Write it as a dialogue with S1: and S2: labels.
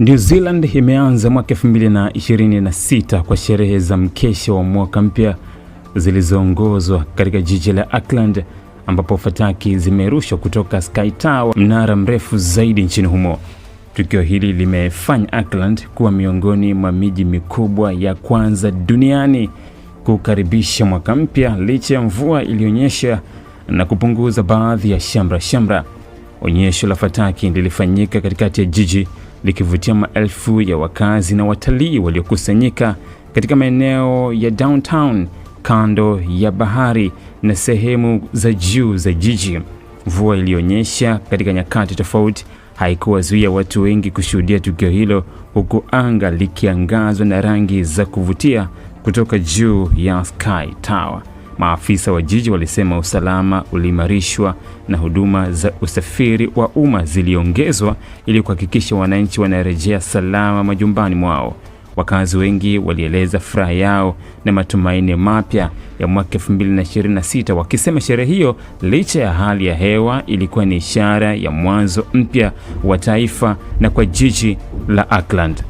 S1: New Zealand imeanza mwaka 2026 kwa sherehe za mkesha wa mwaka mpya zilizoongozwa katika jiji la Auckland ambapo fataki zimerushwa kutoka Sky Tower, mnara mrefu zaidi nchini humo. Tukio hili limefanya Auckland kuwa miongoni mwa miji mikubwa ya kwanza duniani kukaribisha mwaka mpya licha ya mvua iliyonyesha na kupunguza baadhi ya shamra shamra. Onyesho la fataki lilifanyika katikati ya jiji likivutia maelfu ya wakazi na watalii waliokusanyika katika maeneo ya downtown, kando ya bahari na sehemu za juu za jiji. Mvua iliyonyesha katika nyakati tofauti haikuwazuia watu wengi kushuhudia tukio hilo, huku anga likiangazwa na rangi za kuvutia kutoka juu ya Sky Tower. Maafisa wa jiji walisema usalama uliimarishwa na huduma za usafiri wa umma ziliongezwa ili kuhakikisha wananchi wanarejea salama majumbani mwao. Wakazi wengi walieleza furaha yao na matumaini mapya ya mwaka 2026 wakisema sherehe hiyo, licha ya hali ya hewa, ilikuwa ni ishara ya mwanzo mpya wa taifa na kwa jiji la Auckland.